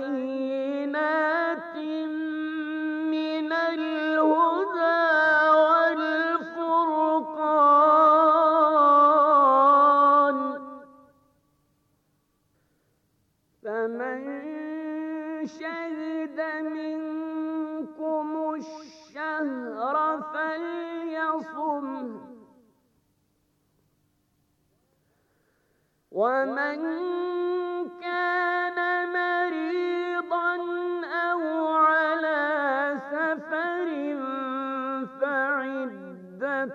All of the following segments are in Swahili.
بينات من الهدى فمن شهد منكم الشهر ومن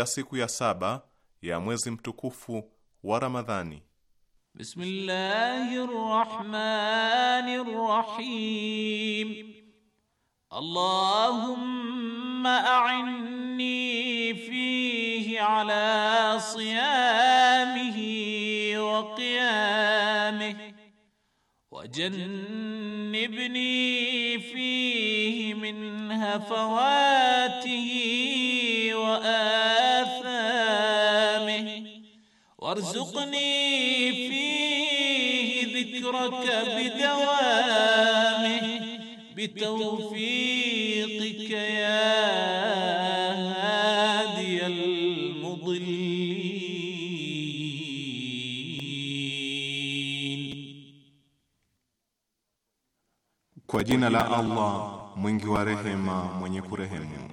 ya siku ya saba ya mwezi mtukufu wa Ramadhani. Bismillahir Rahmanir Rahim. Allahumma a'inni fihi ala siyamihi wa qiyamihi wa وجنبني فيه من هفواته وآله وارزقني فيه ذكرك بدوامه بتوفيقك يا هادي المضلين kwa jina la Allah mwingi wa rehema mwenye kurehemu.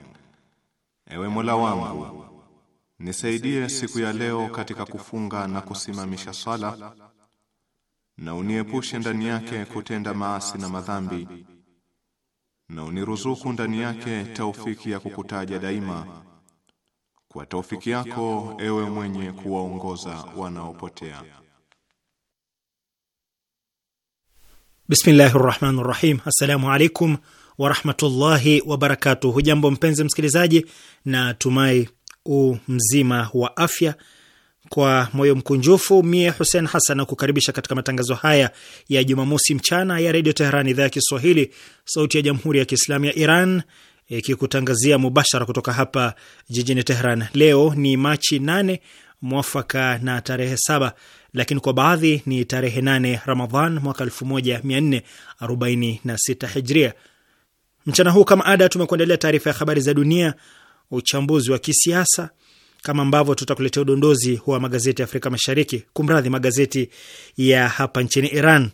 Ewe Mola wangu Nisaidie siku ya leo katika kufunga na kusimamisha sala na uniepushe ndani yake kutenda maasi na madhambi na uniruzuku ndani yake taufiki ya kukutaja daima kwa taufiki yako ewe mwenye kuwaongoza wanaopotea. Bismillahir Rahmanir Rahim. Assalamu alaikum wa rahmatullahi wa barakatuh. Hujambo mpenzi msikilizaji, na tumai mzima wa afya. Kwa moyo mkunjufu mie Hussein Hassan nakukaribisha katika matangazo haya ya Jumamosi mchana ya Redio Teheran, idhaa ya Kiswahili, sauti ya Jamhuri ya Kiislamu ya Iran, ikikutangazia mubashara kutoka hapa jijini Teheran. Leo ni Machi 8 mwafaka na tarehe saba, lakini kwa baadhi ni tarehe 8 Ramadhan mwaka 1446 Hijria. Mchana huu kama ada, tumekuandalia taarifa ya habari za dunia uchambuzi wa kisiasa kama ambavyo tutakuletea udondozi wa magazeti ya Afrika Mashariki, kumradhi, magazeti ya hapa nchini Iran.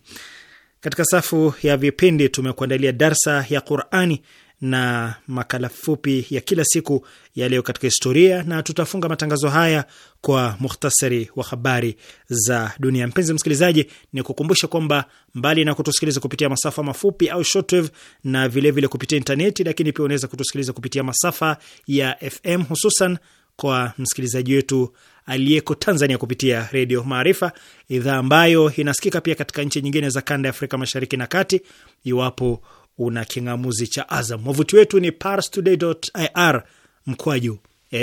Katika safu ya vipindi tumekuandalia darsa ya Qurani na makala fupi ya kila siku yaliyo katika historia, na tutafunga matangazo haya kwa muhtasari wa habari za dunia. Mpenzi msikilizaji, ni kukumbusha kwamba mbali na kutusikiliza kupitia masafa mafupi au shortwave, na vilevile vile kupitia intaneti, lakini pia unaweza kutusikiliza kupitia masafa ya FM, hususan kwa msikilizaji wetu aliyeko Tanzania kupitia Redio Maarifa, idhaa ambayo inasikika pia katika nchi nyingine za kanda ya Afrika Mashariki na Kati, iwapo una king'amuzi cha Azam. Wavuti wetu ni parstoday.ir mkwaju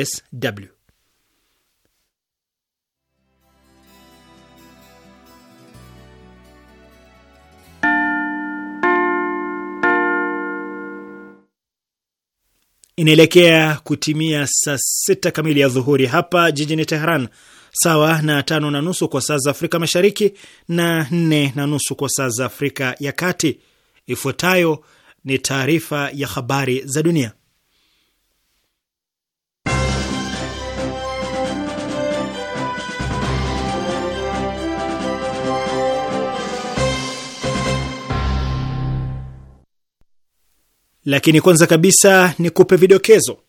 sw. Inaelekea kutimia saa sita kamili ya dhuhuri hapa jijini teheran sawa na tano na nusu kwa saa za Afrika Mashariki na nne na nusu kwa saa za Afrika ya Kati. Ifuatayo ni taarifa ya habari za dunia, lakini kwanza kabisa ni kupe vidokezo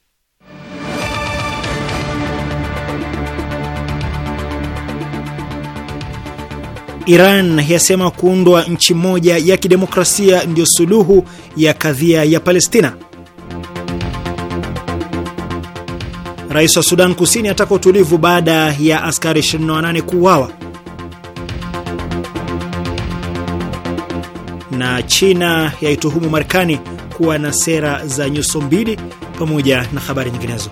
Iran yasema kuundwa nchi moja ya kidemokrasia ndio suluhu ya kadhia ya Palestina. Rais wa Sudan Kusini ataka utulivu baada ya askari 28 kuuawa. Na China yaituhumu Marekani kuwa na sera za nyuso mbili, pamoja na habari nyinginezo.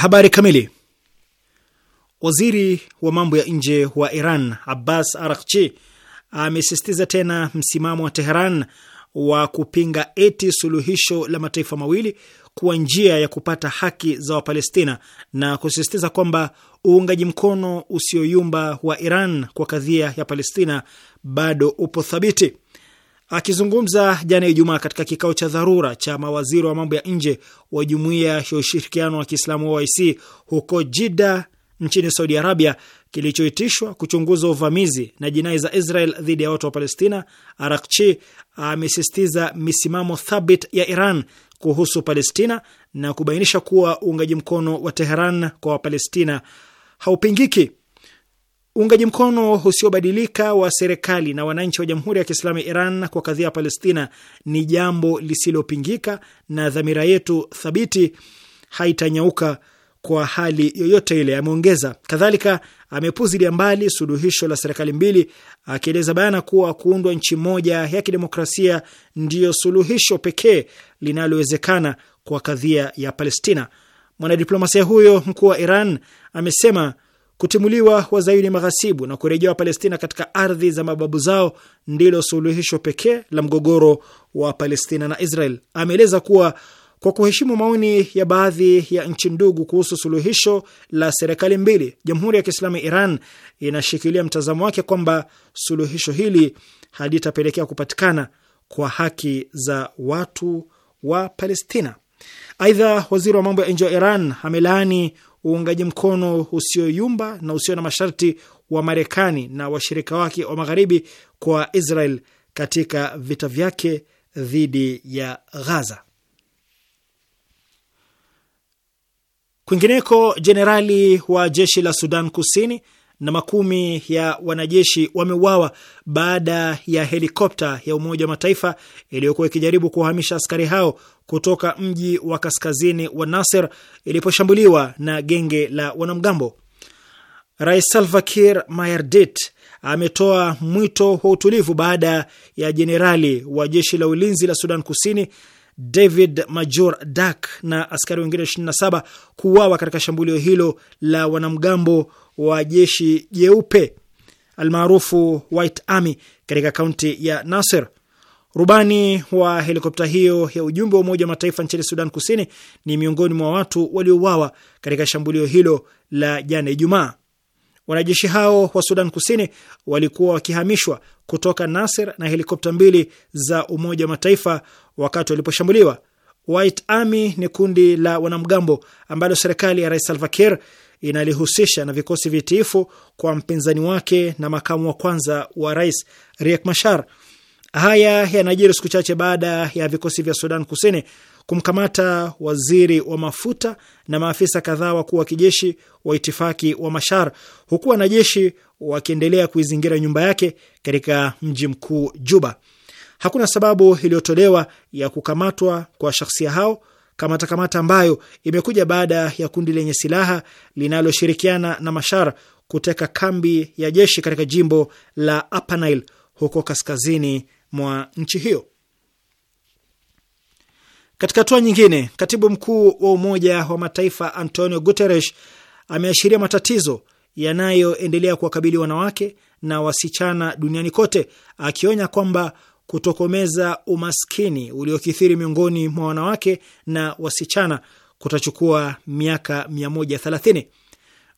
Habari kamili. Waziri wa mambo ya nje wa Iran Abbas arakchi amesisitiza tena msimamo wa Teheran wa kupinga eti suluhisho la mataifa mawili kuwa njia ya kupata haki za Wapalestina na kusisitiza kwamba uungaji mkono usioyumba wa Iran kwa kadhia ya Palestina bado upo thabiti. Akizungumza jana Ijumaa katika kikao cha dharura cha mawaziri wa mambo ya nje wa Jumuiya ya Ushirikiano wa Kiislamu OIC huko Jida nchini Saudi Arabia, kilichoitishwa kuchunguza uvamizi na jinai za Israel dhidi ya watu wa Palestina, Arakchi amesisitiza misimamo thabit ya Iran kuhusu Palestina na kubainisha kuwa uungaji mkono wa Teheran kwa Wapalestina haupingiki. Uungaji mkono usiobadilika wa serikali na wananchi wa Jamhuri ya Kiislamu ya Iran kwa kadhia ya Palestina ni jambo lisilopingika na dhamira yetu thabiti haitanyauka kwa hali yoyote ile, ameongeza. Kadhalika amepuzilia mbali suluhisho la serikali mbili, akieleza bayana kuwa kuundwa nchi moja ya kidemokrasia ndiyo suluhisho pekee linalowezekana kwa kadhia ya Palestina. Mwanadiplomasia huyo mkuu wa Iran amesema Kutimuliwa wazayuni maghasibu na kurejea Palestina katika ardhi za mababu zao ndilo suluhisho pekee la mgogoro wa Palestina na Israel. Ameeleza kuwa kwa kuheshimu maoni ya baadhi ya nchi ndugu kuhusu suluhisho la serikali mbili, Jamhuri ya Kiislamu Iran inashikilia mtazamo wake kwamba suluhisho hili halitapelekea kupatikana kwa haki za watu wa Palestina. Aidha, waziri wa mambo ya nje wa Iran amelaani uungaji mkono usioyumba na usio na masharti wa Marekani na washirika wake wa magharibi kwa Israel katika vita vyake dhidi ya Ghaza. Kwingineko, jenerali wa jeshi la Sudan Kusini na makumi ya wanajeshi wameuawa baada ya helikopta ya Umoja wa Mataifa iliyokuwa ikijaribu kuwahamisha askari hao kutoka mji wa kaskazini wa naser iliposhambuliwa na genge la wanamgambo. Rais Salva Kiir Mayardit ametoa mwito wa utulivu baada ya jenerali wa jeshi la ulinzi la Sudan Kusini David Major Dak na askari wengine 27 kuuawa katika shambulio hilo la wanamgambo wa jeshi jeupe almaarufu White Army katika kaunti ya Nasir. Rubani wa helikopta hiyo ya ujumbe wa Umoja wa Mataifa nchini Sudan Kusini ni miongoni mwa watu waliouawa katika shambulio hilo la jana Ijumaa. Wanajeshi hao wa Sudan Kusini walikuwa wakihamishwa kutoka Nasir na helikopta mbili za Umoja wa Mataifa wakati waliposhambuliwa. White Army ni kundi la wanamgambo ambalo serikali ya Rais Salva Kiir inalihusisha na vikosi vitiifu kwa mpinzani wake na makamu wa kwanza wa rais Riek Machar. Haya yanajiri siku chache baada ya vikosi vya Sudan Kusini kumkamata waziri wa mafuta na maafisa kadhaa wakuu wa kijeshi wa itifaki wa Mashar, huku wanajeshi wakiendelea kuizingira nyumba yake katika mji mkuu Juba. Hakuna sababu iliyotolewa ya kukamatwa kwa shahsia hao Kamata kamata ambayo imekuja baada ya kundi lenye silaha linaloshirikiana na Mashar kuteka kambi ya jeshi katika jimbo la Upper Nile huko kaskazini mwa nchi hiyo. Katika hatua nyingine, katibu mkuu wa Umoja wa Mataifa Antonio Guterres ameashiria matatizo yanayoendelea kuwakabili wanawake na wasichana duniani kote, akionya kwamba kutokomeza umaskini uliokithiri miongoni mwa wanawake na wasichana kutachukua miaka 130.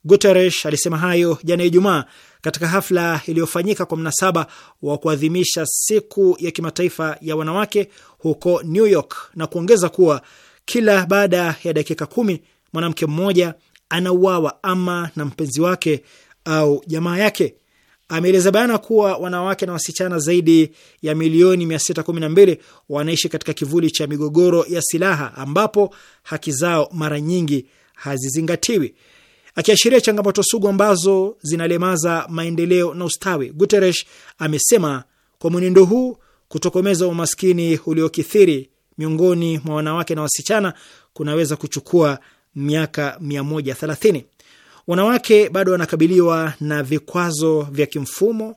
Guterres alisema hayo jana Ijumaa katika hafla iliyofanyika kwa mnasaba wa kuadhimisha siku ya kimataifa ya wanawake huko New York, na kuongeza kuwa kila baada ya dakika kumi mwanamke mmoja anauawa ama na mpenzi wake au jamaa yake. Ameeleza bayana kuwa wanawake na wasichana zaidi ya milioni 612 wanaishi katika kivuli cha migogoro ya silaha ambapo haki zao mara nyingi hazizingatiwi, akiashiria changamoto sugu ambazo zinalemaza maendeleo na ustawi. Guterres amesema kwa mwenendo huu kutokomeza umaskini uliokithiri miongoni mwa wanawake na wasichana kunaweza kuchukua miaka 130. Wanawake bado wanakabiliwa na vikwazo vya kimfumo,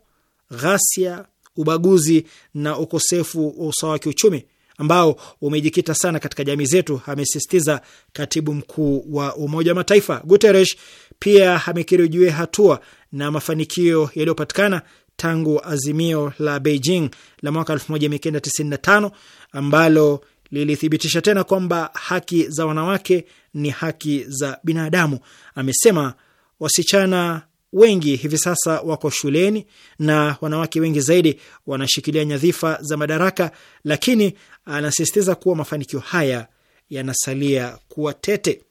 ghasia, ubaguzi na ukosefu wa usawa wa kiuchumi ambao umejikita sana katika jamii zetu, amesisitiza katibu mkuu wa Umoja wa Mataifa Guterres. Pia amekiri juu ya hatua na mafanikio yaliyopatikana tangu azimio la Beijing la mwaka 1995 ambalo lilithibitisha tena kwamba haki za wanawake ni haki za binadamu. Amesema wasichana wengi hivi sasa wako shuleni na wanawake wengi zaidi wanashikilia nyadhifa za madaraka, lakini anasisitiza kuwa mafanikio haya yanasalia kuwa tete.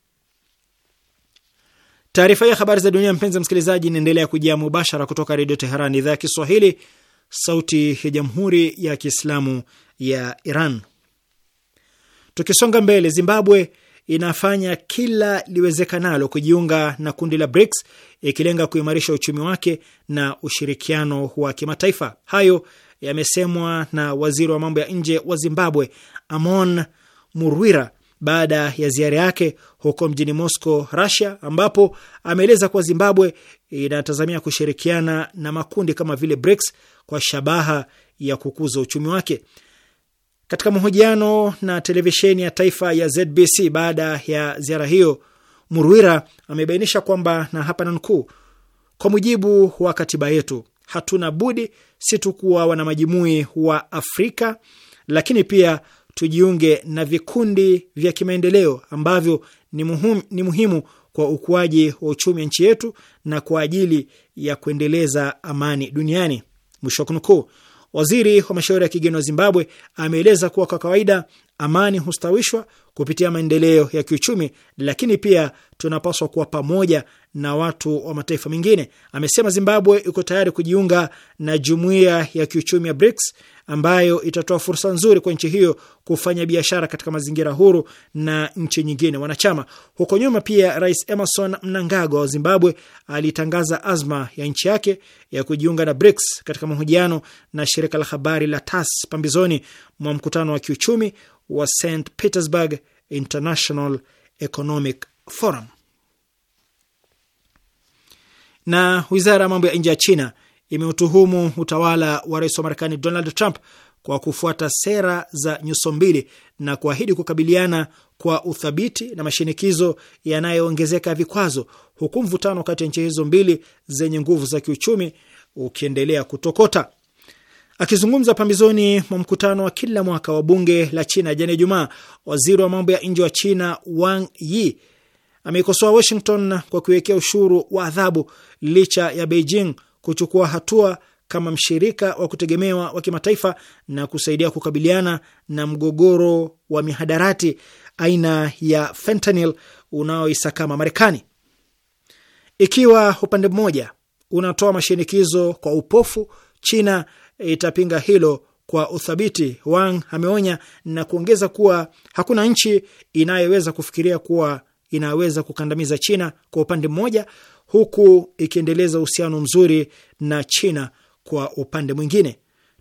Taarifa hii ya habari za dunia, mpenzi msikilizaji, inaendelea kujia mubashara kutoka Redio Teheran, idhaa ya Kiswahili, sauti ya Jamhuri ya Kiislamu ya Iran. Tukisonga mbele, Zimbabwe inafanya kila liwezekanalo kujiunga na kundi la BRICS ikilenga kuimarisha uchumi wake na ushirikiano wa kimataifa. Hayo yamesemwa na waziri wa mambo ya nje wa Zimbabwe Amon Murwira baada ya ziara yake huko mjini Moscow, Russia, ambapo ameeleza kuwa Zimbabwe inatazamia kushirikiana na makundi kama vile BRICS kwa shabaha ya kukuza uchumi wake. Katika mahojiano na televisheni ya taifa ya ZBC baada ya ziara hiyo, Murwira amebainisha kwamba na hapa nanukuu, kwa mujibu wa katiba yetu hatuna budi si tu kuwa wanamajimui wa Afrika, lakini pia tujiunge na vikundi vya kimaendeleo ambavyo ni muhimu, ni muhimu kwa ukuaji wa uchumi wa nchi yetu na kwa ajili ya kuendeleza amani duniani. Mwisho wa kunukuu. Waziri wa mashauri ya kigeni wa Zimbabwe ameeleza kuwa kwa kawaida amani hustawishwa kupitia maendeleo ya kiuchumi, lakini pia tunapaswa kuwa pamoja na watu wa mataifa mengine. Amesema Zimbabwe iko tayari kujiunga na jumuiya ya kiuchumi ya BRICS ambayo itatoa fursa nzuri kwa nchi hiyo kufanya biashara katika mazingira huru na nchi nyingine wanachama. Huko nyuma pia, Rais Emerson Mnangagwa wa Zimbabwe alitangaza azma ya nchi yake ya kujiunga na BRICS katika mahojiano na shirika la habari la tas pambizoni mwa mkutano wa kiuchumi wa St Petersburg International Economic Forum. Na wizara ya mambo ya nje ya China imeutuhumu utawala wa rais wa Marekani Donald Trump kwa kufuata sera za nyuso mbili na kuahidi kukabiliana kwa uthabiti na mashinikizo yanayoongezeka ya vikwazo, huku mvutano kati ya nchi hizo mbili zenye nguvu za kiuchumi ukiendelea kutokota. Akizungumza pambizoni mwa mkutano wa kila mwaka wa bunge la China jana Ijumaa, waziri wa mambo ya nje wa China Wang Yi ameikosoa Washington kwa kuwekea ushuru wa adhabu licha ya Beijing kuchukua hatua kama mshirika wa kutegemewa wa kimataifa na kusaidia kukabiliana na mgogoro wa mihadarati aina ya fentanyl unaoisakama Marekani. Ikiwa upande mmoja unatoa mashinikizo kwa upofu, China itapinga hilo kwa uthabiti, Wang ameonya na kuongeza kuwa hakuna nchi inayoweza kufikiria kuwa inaweza kukandamiza China kwa upande mmoja huku ikiendeleza uhusiano mzuri na China kwa upande mwingine.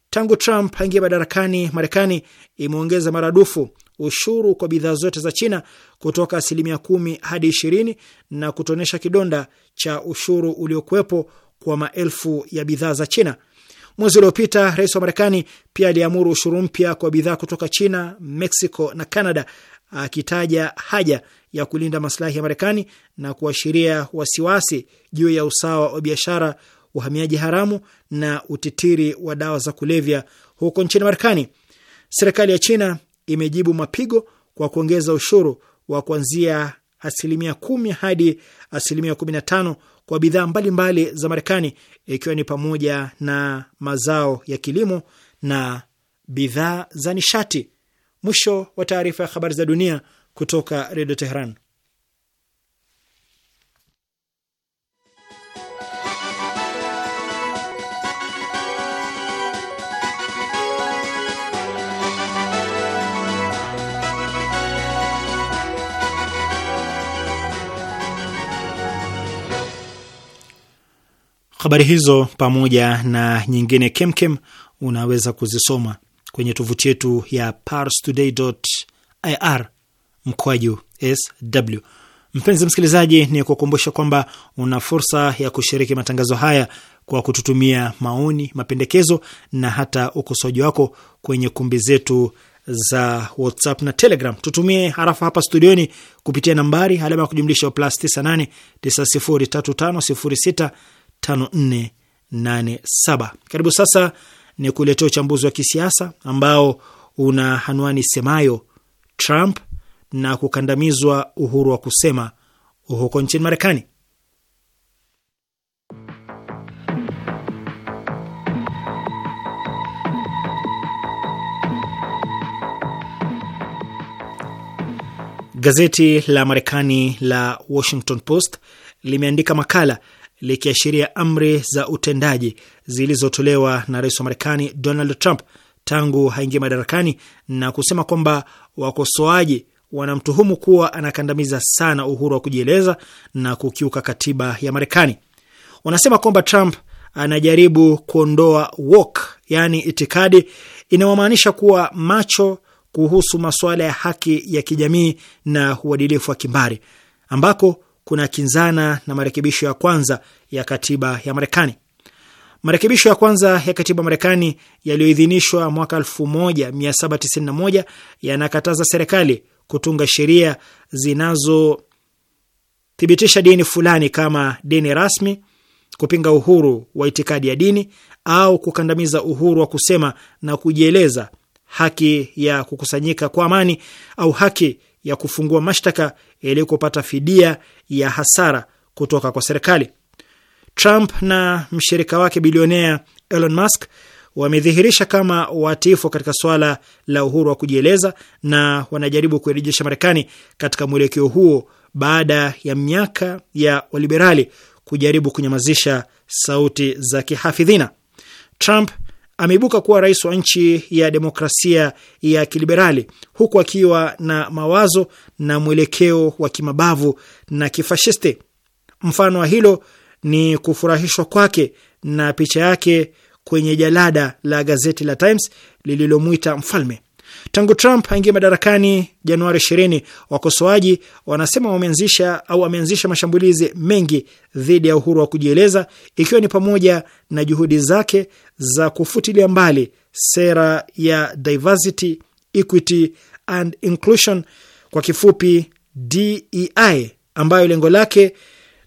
Tangu Trump aingia madarakani, Marekani imeongeza maradufu ushuru kwa bidhaa zote za China kutoka asilimia kumi hadi ishirini na kutonesha kidonda cha ushuru uliokuwepo kwa maelfu ya bidhaa za China. Mwezi uliopita rais wa Marekani pia aliamuru ushuru mpya kwa bidhaa kutoka China, Mexico na Canada akitaja haja ya kulinda maslahi ya Marekani na kuashiria wasiwasi juu ya usawa wa biashara, uhamiaji haramu na utitiri wa dawa za kulevya huko nchini Marekani. Serikali ya China imejibu mapigo kwa kuongeza ushuru wa kuanzia asilimia kumi hadi asilimia kumi na tano kwa bidhaa mbalimbali za Marekani, ikiwa ni pamoja na mazao ya kilimo na bidhaa za nishati. Mwisho wa taarifa ya habari za dunia kutoka Redio Teheran. Habari hizo pamoja na nyingine kemkem unaweza kuzisoma kwenye tovuti yetu ya parstoday.ir mkwaju sw. Mpenzi msikilizaji, ni kukumbusha kwamba una fursa ya kushiriki matangazo haya kwa kututumia maoni, mapendekezo na hata ukosoaji wako kwenye kumbi zetu za WhatsApp na Telegram. Tutumie harafa hapa studioni kupitia nambari alama ya kujumlisha plus 98 9035065487. Karibu sasa ni kuletea uchambuzi wa kisiasa ambao una anwani semayo Trump na kukandamizwa uhuru wa kusema huko nchini Marekani. Gazeti la Marekani la Washington Post limeandika makala likiashiria amri za utendaji zilizotolewa na rais wa Marekani Donald Trump tangu haingia madarakani na kusema kwamba wakosoaji wanamtuhumu kuwa anakandamiza sana uhuru wa kujieleza na kukiuka katiba ya Marekani. Wanasema kwamba Trump anajaribu kuondoa woke, yaani itikadi inayomaanisha kuwa macho kuhusu masuala ya haki ya kijamii na uadilifu wa kimbari ambako kuna kinzana na marekebisho ya kwanza ya katiba ya Marekani. Marekebisho ya kwanza ya katiba Marekani yaliyoidhinishwa mwaka 1791 yanakataza serikali kutunga sheria zinazothibitisha dini fulani kama dini rasmi, kupinga uhuru wa itikadi ya dini au kukandamiza uhuru wa kusema na kujieleza, haki ya kukusanyika kwa amani au haki ya kufungua mashtaka ili kupata fidia ya hasara kutoka kwa serikali. Trump na mshirika wake bilionea Elon Musk wamedhihirisha kama watifu katika swala la uhuru wa kujieleza na wanajaribu kuirejesha Marekani katika mwelekeo huo baada ya miaka ya waliberali kujaribu kunyamazisha sauti za kihafidhina. Trump ameibuka kuwa rais wa nchi ya demokrasia ya kiliberali huku akiwa na mawazo na mwelekeo wa kimabavu na kifashisti. Mfano wa hilo ni kufurahishwa kwake na picha yake kwenye jalada la gazeti la Times lililomwita mfalme. Tangu Trump aingie madarakani Januari 20, wakosoaji wanasema wameanzisha au ameanzisha mashambulizi mengi dhidi ya uhuru wa kujieleza, ikiwa ni pamoja na juhudi zake za kufutilia mbali sera ya diversity, equity and inclusion, kwa kifupi DEI, ambayo lengo lake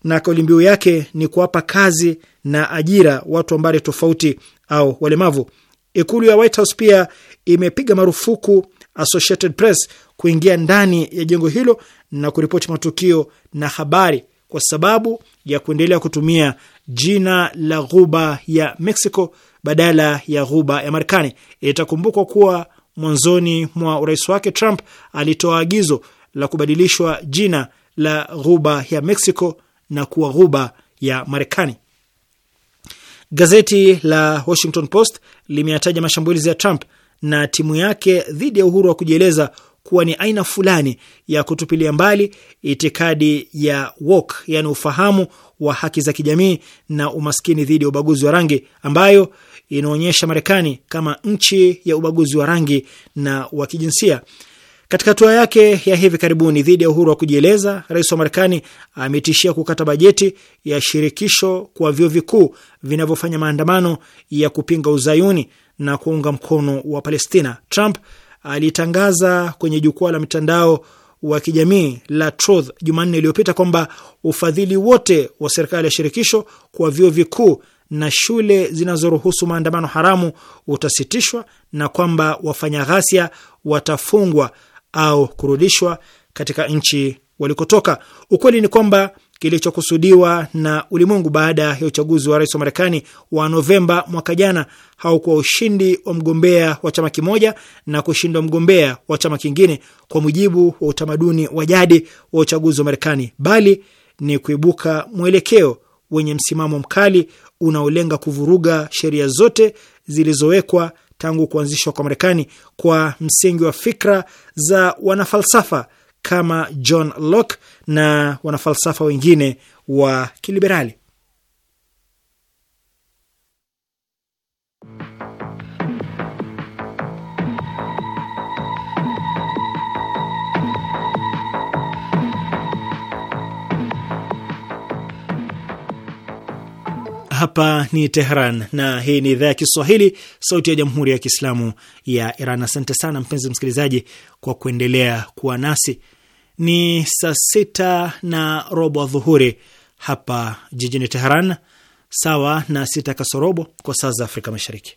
na kauli mbiu yake ni kuwapa kazi na ajira watu wa mbari tofauti au walemavu. Ikulu ya White House pia imepiga marufuku Associated Press kuingia ndani ya jengo hilo na kuripoti matukio na habari kwa sababu ya kuendelea kutumia jina la ghuba ya Mexico badala ya ghuba ya Marekani. Itakumbukwa kuwa mwanzoni mwa urais wake Trump alitoa agizo la kubadilishwa jina la ghuba ya Mexico na kuwa ghuba ya Marekani. Gazeti la Washington Post limeyataja mashambulizi ya Trump na timu yake dhidi ya uhuru wa kujieleza kuwa ni aina fulani ya kutupilia mbali itikadi ya woke, yani ufahamu wa haki za kijamii na umaskini dhidi ya ubaguzi wa rangi, ambayo inaonyesha Marekani kama nchi ya ubaguzi wa rangi na wa kijinsia. Katika hatua yake ya hivi karibuni dhidi ya uhuru wa kujieleza, rais wa Marekani ametishia kukata bajeti ya shirikisho kwa vyuo vikuu vinavyofanya maandamano ya kupinga uzayuni na kuunga mkono wa Palestina. Trump alitangaza kwenye jukwaa la mtandao wa kijamii la Truth Jumanne iliyopita kwamba ufadhili wote wa serikali ya shirikisho kwa vyuo vikuu na shule zinazoruhusu maandamano haramu utasitishwa na kwamba wafanya ghasia watafungwa au kurudishwa katika nchi walikotoka. Ukweli ni kwamba kilichokusudiwa na ulimwengu baada ya uchaguzi wa rais wa Marekani wa Novemba mwaka jana haukuwa ushindi wa mgombea wa chama kimoja na kushindwa mgombea wa chama kingine kwa mujibu wa utamaduni wa jadi wa uchaguzi wa Marekani, bali ni kuibuka mwelekeo wenye msimamo mkali unaolenga kuvuruga sheria zote zilizowekwa tangu kuanzishwa kwa Marekani kwa msingi wa fikra za wanafalsafa kama John Locke na wanafalsafa wengine wa kiliberali. Hapa ni Tehran na hii ni idhaa ya Kiswahili, sauti ya jamhuri ya kiislamu ya Iran. Asante sana mpenzi msikilizaji kwa kuendelea kuwa nasi. Ni saa sita na robo adhuhuri hapa jijini Tehran, sawa na sita kasorobo kwa saa za Afrika Mashariki.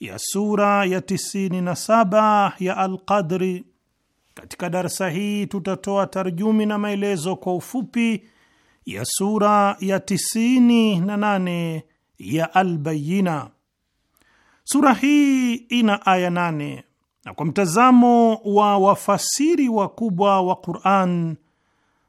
ya sura ya 97 ya Alqadri. Katika darsa hii tutatoa tarjumi na maelezo kwa ufupi ya sura ya 98 ya Albayina. Sura hii ina aya nane na kwa mtazamo wa wafasiri wakubwa wa Quran,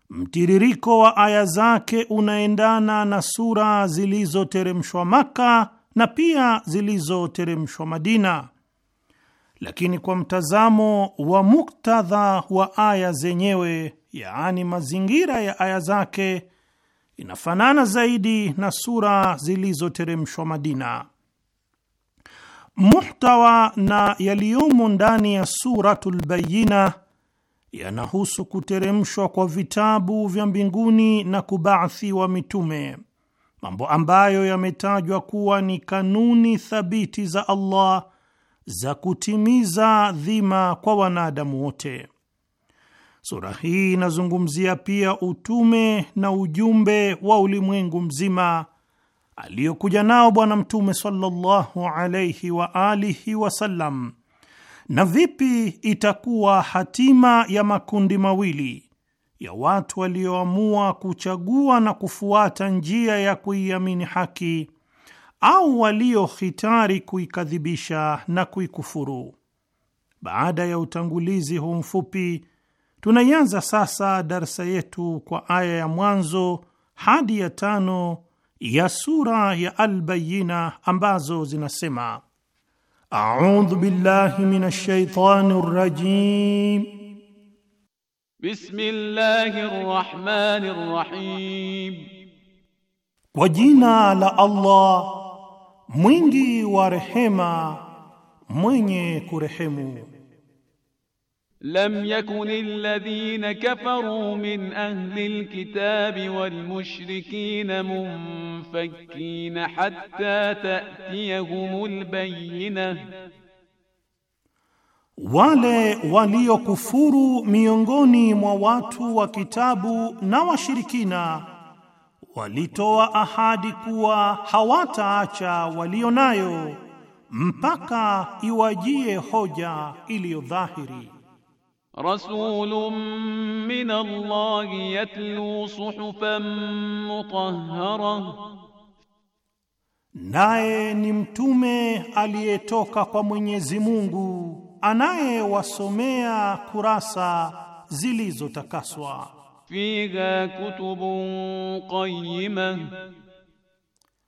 mtiririko wa aya zake unaendana na sura zilizoteremshwa Maka na pia zilizoteremshwa Madina, lakini kwa mtazamo wa muktadha wa aya zenyewe, yaani mazingira ya aya zake, inafanana zaidi na sura zilizoteremshwa Madina. Muhtawa na yaliyomo ndani ya Suratul Bayina yanahusu kuteremshwa kwa vitabu vya mbinguni na kubaathiwa mitume mambo ambayo yametajwa kuwa ni kanuni thabiti za Allah za kutimiza dhima kwa wanadamu wote. Sura hii inazungumzia pia utume na ujumbe wa ulimwengu mzima aliyokuja nao Bwana Mtume sallallahu alayhi wa alihi wasallam, na vipi itakuwa hatima ya makundi mawili ya watu walioamua kuchagua na kufuata njia ya kuiamini haki au waliohitari kuikadhibisha na kuikufuru. Baada ya utangulizi huu mfupi, tunaianza sasa darsa yetu kwa aya ya mwanzo hadi ya tano ya sura ya Albayina ambazo zinasema: audhu billahi minash shaitani rajim بسم الله الرحمن الرحيم وجينا على الله Allah ورحمة مني كرحمه لم يكن الذين كفروا من أهل الكتاب والمشركين منفكين حتى تأتيهم البينة Wale waliokufuru miongoni mwa watu wa kitabu na washirikina walitoa ahadi kuwa hawataacha walio nayo mpaka iwajie hoja iliyo dhahiri. Rasulun min Allah yatlu suhufan mutahhara, naye ni mtume aliyetoka kwa Mwenyezi Mungu anayewasomea kurasa zilizotakaswa. Fiha kutubun qayyima,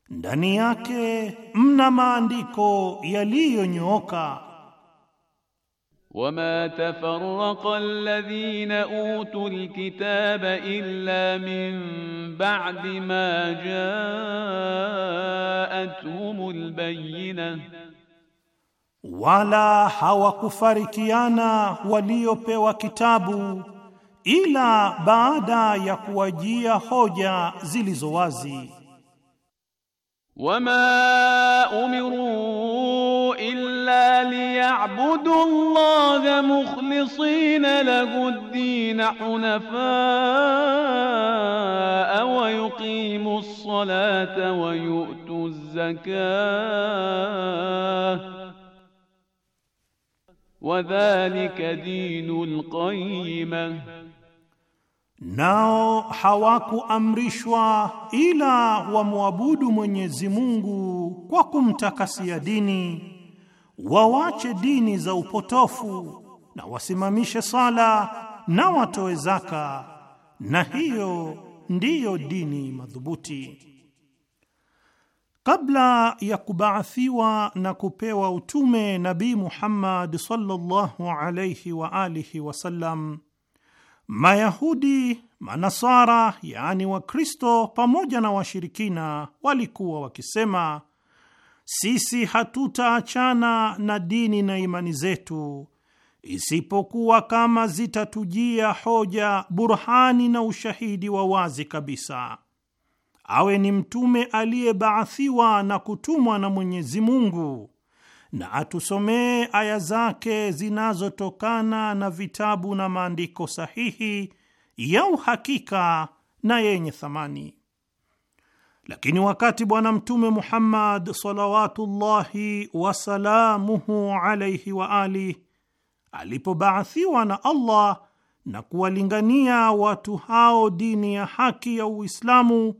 ndani yake mna maandiko yaliyonyooka. Wama tafarraqa alladhina utul kitaba illa min ba'di ma ja'atuhumul bayyinah wala hawakufarikiana waliopewa kitabu ila baada ya kuwajia hoja zilizo wazi. Wama umiru illa liyabudu Allaha mukhlisina lahu ad-din hunafa wa yuqimu as-salata wa yu'tu az-zakata wadhalika dinul qayyima, nao hawakuamrishwa ila wamwabudu Mwenyezi Mungu kwa kumtakasia dini, wawache dini za upotofu na wasimamishe sala na watoe zaka, na hiyo ndiyo dini madhubuti. Kabla ya kubaathiwa na kupewa utume Nabii Muhammad sallallahu alayhi wa alihi wasallam, Mayahudi, Manasara, yaani Wakristo pamoja na washirikina walikuwa wakisema, sisi hatutaachana na dini na imani zetu isipokuwa kama zitatujia hoja, burhani na ushahidi wa wazi kabisa awe ni mtume aliyebaathiwa na kutumwa na Mwenyezi Mungu na atusomee aya zake zinazotokana na vitabu na maandiko sahihi ya uhakika na yenye thamani. Lakini wakati Bwana Mtume Muhammad salawatullahi wasalamuhu alaihi wa ali alipobaathiwa na Allah na kuwalingania watu hao dini ya haki ya Uislamu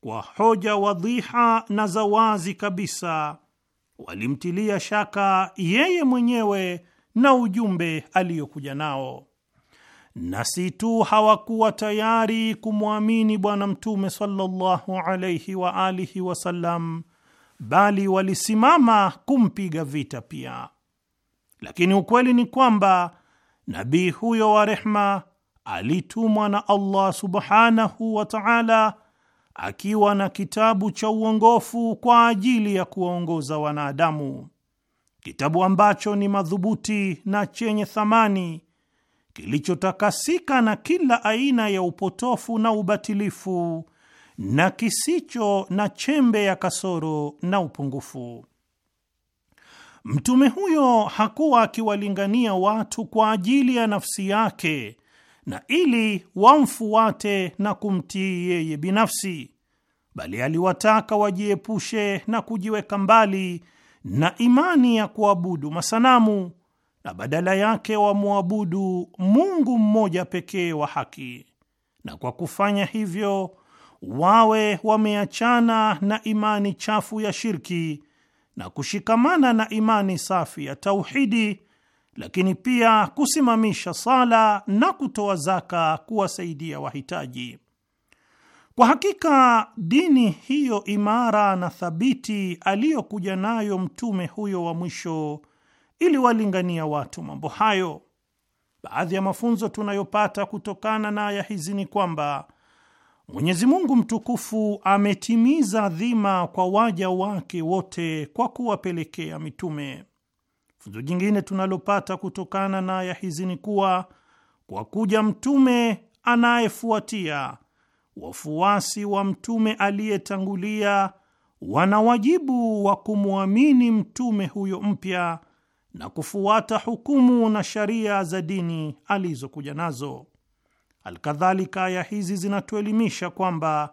kwa hoja wadhiha na za wazi kabisa walimtilia shaka yeye mwenyewe na ujumbe aliyokuja nao, na si tu hawakuwa tayari kumwamini Bwana Mtume sallallahu alaihi wa alihi wasallam, bali walisimama kumpiga vita pia. Lakini ukweli ni kwamba nabii huyo wa rehma alitumwa na Allah subhanahu wa taala akiwa na kitabu cha uongofu kwa ajili ya kuwaongoza wanadamu, kitabu ambacho ni madhubuti na chenye thamani, kilichotakasika na kila aina ya upotofu na ubatilifu na kisicho na chembe ya kasoro na upungufu. Mtume huyo hakuwa akiwalingania watu kwa ajili ya nafsi yake na ili wamfuate na kumtii yeye binafsi, bali aliwataka wajiepushe na kujiweka mbali na imani ya kuabudu masanamu na badala yake wamwabudu Mungu mmoja pekee wa haki, na kwa kufanya hivyo wawe wameachana na imani chafu ya shirki na kushikamana na imani safi ya tauhidi lakini pia kusimamisha sala na kutoa zaka kuwasaidia wahitaji. Kwa hakika dini hiyo imara na thabiti aliyokuja nayo mtume huyo wa mwisho iliwalingania watu mambo hayo. Baadhi ya mafunzo tunayopata kutokana na aya hizi ni kwamba Mwenyezi Mungu mtukufu ametimiza dhima kwa waja wake wote kwa kuwapelekea mitume. Funzo jingine tunalopata kutokana na aya hizi ni kuwa kwa kuja mtume anayefuatia, wafuasi wa mtume aliyetangulia wana wajibu wa kumwamini mtume huyo mpya na kufuata hukumu na sharia za dini alizokuja nazo. Alkadhalika, aya hizi zinatuelimisha kwamba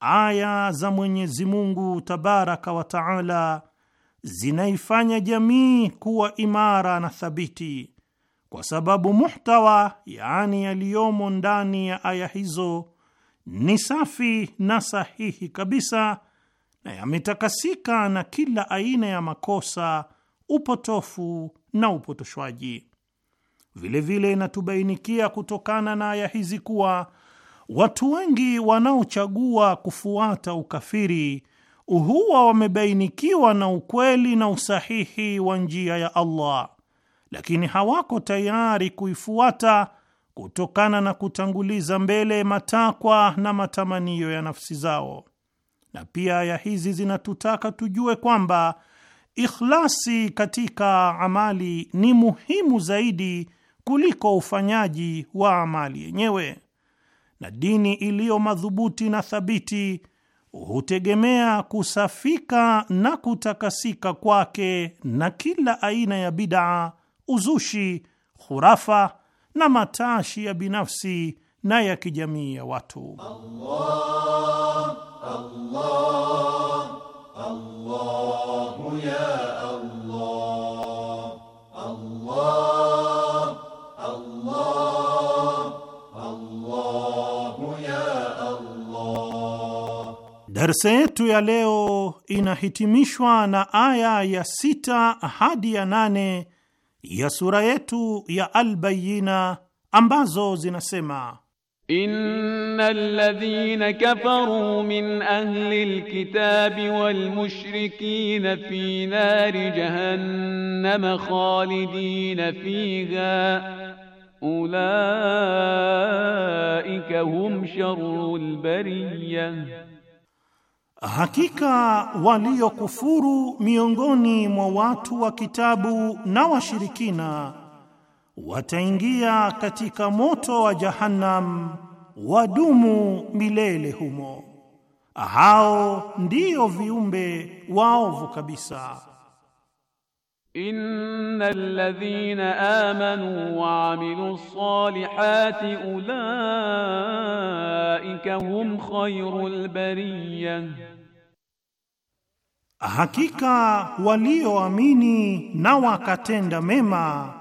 aya za Mwenyezi Mungu tabaraka wa taala zinaifanya jamii kuwa imara na thabiti, kwa sababu muhtawa, yaani yaliyomo ndani ya aya hizo ni safi na sahihi kabisa na yametakasika na kila aina ya makosa, upotofu na upotoshwaji. Vilevile inatubainikia kutokana na aya hizi kuwa watu wengi wanaochagua kufuata ukafiri huwa wamebainikiwa na ukweli na usahihi wa njia ya Allah, lakini hawako tayari kuifuata kutokana na kutanguliza mbele matakwa na matamanio ya nafsi zao. Na pia aya hizi zinatutaka tujue kwamba ikhlasi katika amali ni muhimu zaidi kuliko ufanyaji wa amali yenyewe, na dini iliyo madhubuti na thabiti hutegemea kusafika na kutakasika kwake na kila aina ya bidaa, uzushi, khurafa na matashi ya binafsi na ya kijamii ya watu. Allah, Allah, Allah, Darsa yetu ya leo inahitimishwa na aya ya sita hadi ya nane ya sura yetu ya Albayina ambazo zinasema Innal ladhina kafaru min ahli alkitabi wal mushrikina fi nari jahannama khalidina fiha ulaika hum sharrul bariyah Hakika waliokufuru miongoni mwa watu wa kitabu na washirikina wataingia katika moto wa Jahannam, wadumu milele humo. Hao ndio viumbe waovu kabisa. Innal ladhina amanu wa amilus salihati ulaika hum khairul bariyah Hakika walioamini na wakatenda mema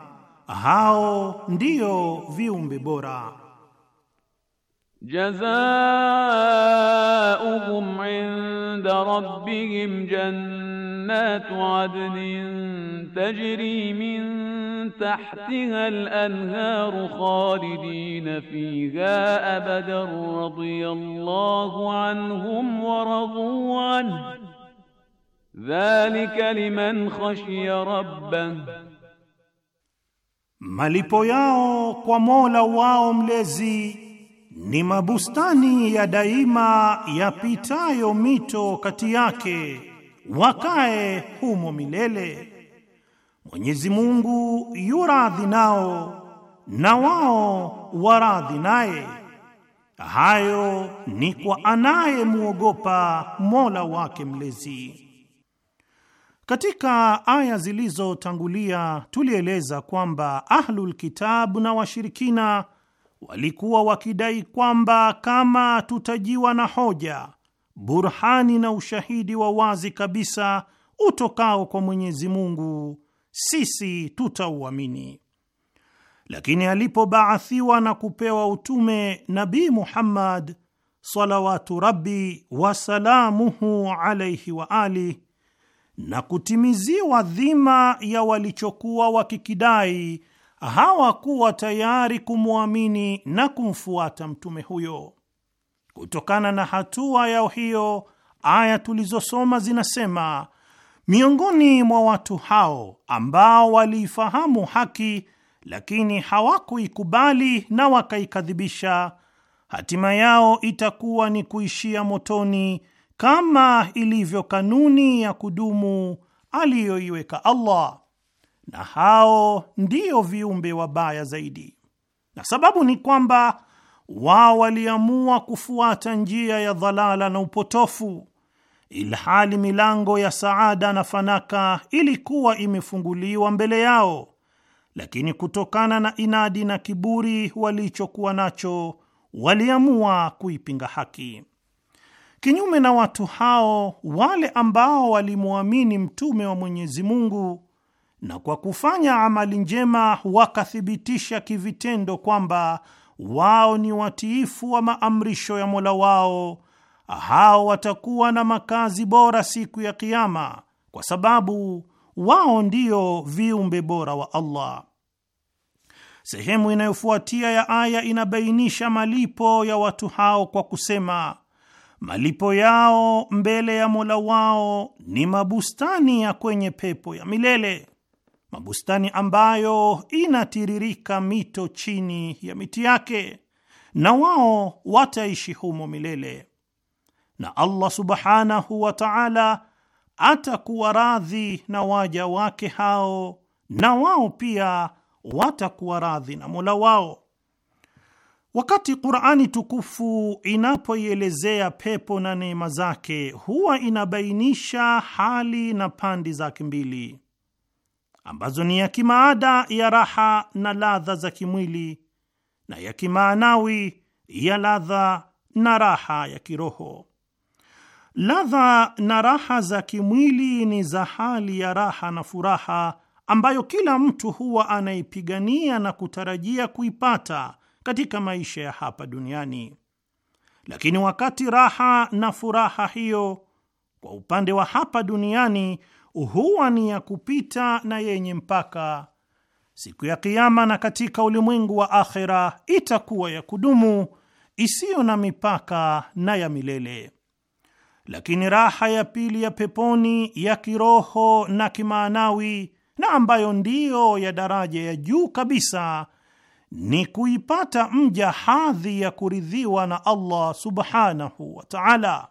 hao ndio viumbe bora. Jazaohum inda rabbihim jannatu adnin tajri min tahtiha al-anharu khalidina fiha abadan radiyallahu anhum wa radu anhu Dhalika liman khashiya rabbah, malipo yao kwa Mola wao mlezi ni mabustani ya daima yapitayo mito kati yake, wakae humo milele. Mwenyezi Mungu yuradhi nao na wao waradhi naye. Hayo ni kwa anayemwogopa Mola wake mlezi. Katika aya zilizotangulia tulieleza kwamba Ahlul Kitabu na washirikina walikuwa wakidai kwamba kama tutajiwa na hoja, burhani na ushahidi wa wazi kabisa utokao kwa Mwenyezi Mungu, sisi tutauamini. Lakini alipobaathiwa na kupewa utume Nabii Muhammad salawatu rabbi wasalamuhu alaihi wa na kutimiziwa dhima ya walichokuwa wakikidai hawakuwa tayari kumwamini na kumfuata mtume huyo. Kutokana na hatua yao hiyo, aya tulizosoma zinasema miongoni mwa watu hao ambao waliifahamu haki lakini hawakuikubali na wakaikadhibisha, hatima yao itakuwa ni kuishia motoni kama ilivyo kanuni ya kudumu aliyoiweka Allah, na hao ndio viumbe wabaya zaidi. Na sababu ni kwamba wao waliamua kufuata njia ya dhalala na upotofu, ilhali milango ya saada na fanaka ilikuwa imefunguliwa mbele yao, lakini kutokana na inadi na kiburi walichokuwa nacho waliamua kuipinga haki. Kinyume na watu hao, wale ambao walimwamini mtume wa Mwenyezi Mungu na kwa kufanya amali njema wakathibitisha kivitendo kwamba wao ni watiifu wa maamrisho ya Mola wao, hao watakuwa na makazi bora siku ya kiama kwa sababu wao ndio viumbe bora wa Allah. Sehemu inayofuatia ya aya inabainisha malipo ya watu hao kwa kusema malipo yao mbele ya Mola wao ni mabustani ya kwenye pepo ya milele, mabustani ambayo inatiririka mito chini ya miti yake, na wao wataishi humo milele, na Allah subhanahu wa ta'ala atakuwa radhi na waja wake hao, na wao pia watakuwa radhi na Mola wao. Wakati Qur'ani tukufu inapoielezea pepo na neema zake, huwa inabainisha hali na pandi zake mbili ambazo ni ya kimaada ya raha na ladha za kimwili na ya kimaanawi ya ladha na raha ya kiroho. Ladha na raha za kimwili ni za hali ya raha na furaha ambayo kila mtu huwa anaipigania na kutarajia kuipata katika maisha ya hapa duniani. Lakini wakati raha na furaha hiyo kwa upande wa hapa duniani huwa ni ya kupita na yenye mpaka, siku ya Kiama na katika ulimwengu wa akhera itakuwa ya kudumu isiyo na mipaka na ya milele. Lakini raha ya pili ya peponi ya kiroho na kimaanawi, na ambayo ndiyo ya daraja ya juu kabisa ni kuipata mja hadhi ya kuridhiwa na Allah subhanahu wa ta'ala.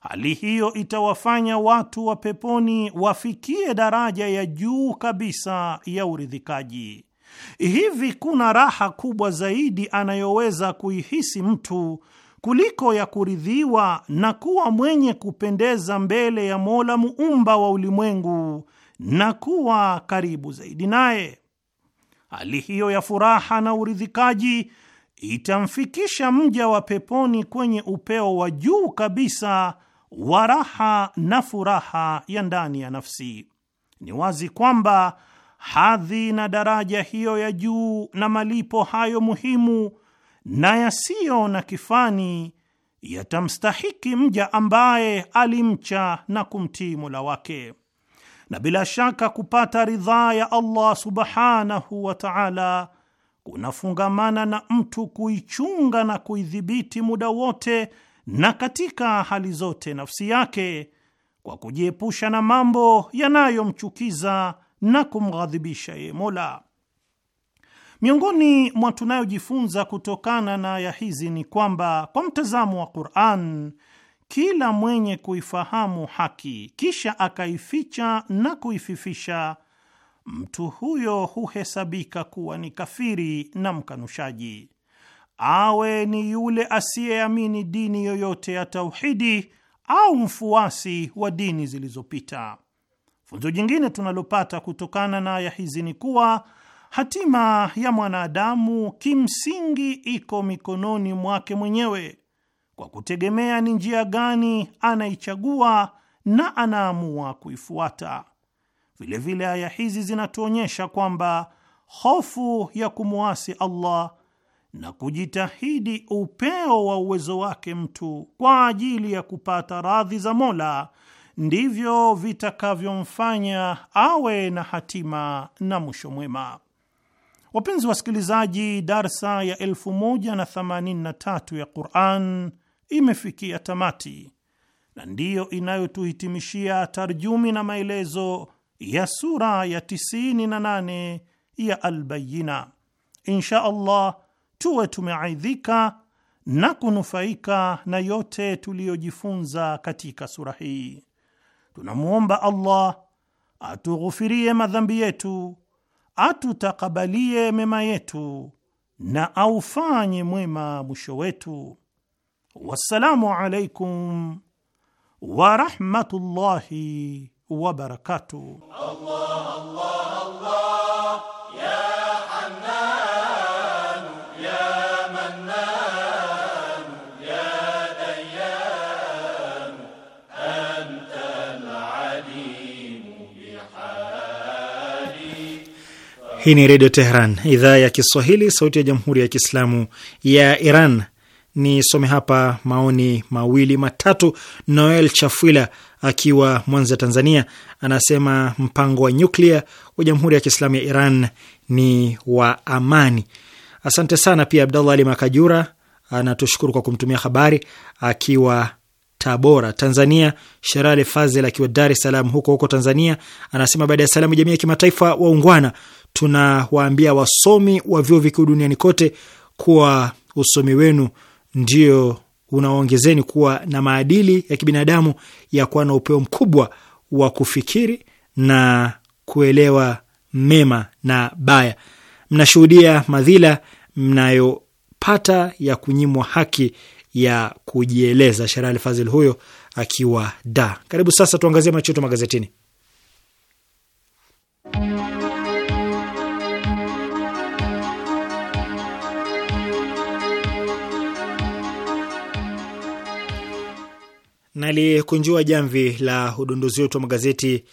Hali hiyo itawafanya watu wa peponi wafikie daraja ya juu kabisa ya uridhikaji. Hivi kuna raha kubwa zaidi anayoweza kuihisi mtu kuliko ya kuridhiwa na kuwa mwenye kupendeza mbele ya Mola muumba wa ulimwengu na kuwa karibu zaidi naye? hali hiyo ya furaha na uridhikaji itamfikisha mja wa peponi kwenye upeo wa juu kabisa wa raha na furaha ya ndani ya nafsi. Ni wazi kwamba hadhi na daraja hiyo ya juu na malipo hayo muhimu na yasiyo na kifani yatamstahiki mja ambaye alimcha na kumtii Mola wake na bila shaka kupata ridhaa ya Allah subhanahu wa ta'ala kunafungamana na mtu kuichunga na kuidhibiti muda wote na katika hali zote nafsi yake kwa kujiepusha na mambo yanayomchukiza na kumghadhibisha yeye Mola. Miongoni mwa tunayojifunza kutokana na aya hizi ni kwamba kwa mtazamo wa Qur'an kila mwenye kuifahamu haki kisha akaificha na kuififisha, mtu huyo huhesabika kuwa ni kafiri na mkanushaji, awe ni yule asiyeamini dini yoyote ya tauhidi au mfuasi wa dini zilizopita. Funzo jingine tunalopata kutokana na aya hizi ni kuwa hatima ya mwanadamu kimsingi iko mikononi mwake mwenyewe kwa kutegemea ni njia gani anaichagua na anaamua kuifuata. Vilevile aya hizi zinatuonyesha kwamba hofu ya kumwasi Allah na kujitahidi upeo wa uwezo wake mtu kwa ajili ya kupata radhi za Mola ndivyo vitakavyomfanya awe na hatima na mwisho mwema. Wapenzi wasikilizaji, darsa ya 1083 ya Quran imefikia tamati na ndiyo inayotuhitimishia tarjumi na maelezo ya sura ya 98 ya Albayina. Insha Allah tuwe tumeaidhika na kunufaika na yote tuliyojifunza katika sura hii. Tunamwomba Allah atughufirie madhambi yetu, atutakabalie mema yetu na aufanye mwema mwisho wetu. والسلام عليكم ورحمة الله وبركاته الله الله الله يا حنان يا منان يا ديان أنت العليم بحالي Hii ni تهران إذا idhaa الصهيلي صوت sauti ya Jamhuri يا إيران Nisome hapa maoni mawili matatu. Noel Chafwila akiwa Mwanza, Tanzania, anasema mpango wa nyuklia wa Jamhuri ya Kiislamu ya Iran ni wa amani. Asante sana. Pia Abdallah Ali Makajura anatushukuru kwa kumtumia habari akiwa Tabora, Tanzania. Sherali Fazel akiwa Dar es Salaam huko huko Tanzania anasema baada ya salamu, jamii ya kimataifa waungwana, tunawaambia wasomi wa vyuo vikuu duniani kote kuwa usomi wenu ndio unaoongezeni kuwa na maadili ya kibinadamu ya kuwa na upeo mkubwa wa kufikiri na kuelewa mema na baya. Mnashuhudia madhila mnayopata ya kunyimwa haki ya kujieleza. Sherali Fazil huyo akiwa da. Karibu sasa tuangazie machoto magazetini. nalikunjua jamvi la udondozi wetu wa magazeti